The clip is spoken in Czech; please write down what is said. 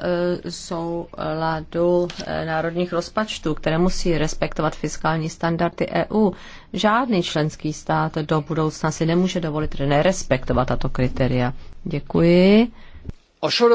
Eh, souladu eh, národních rozpočtů, které musí respektovat fiskální standardy EU. Žádný členský stát do budoucna si nemůže dovolit nerespektovat tato kritéria. Děkuji.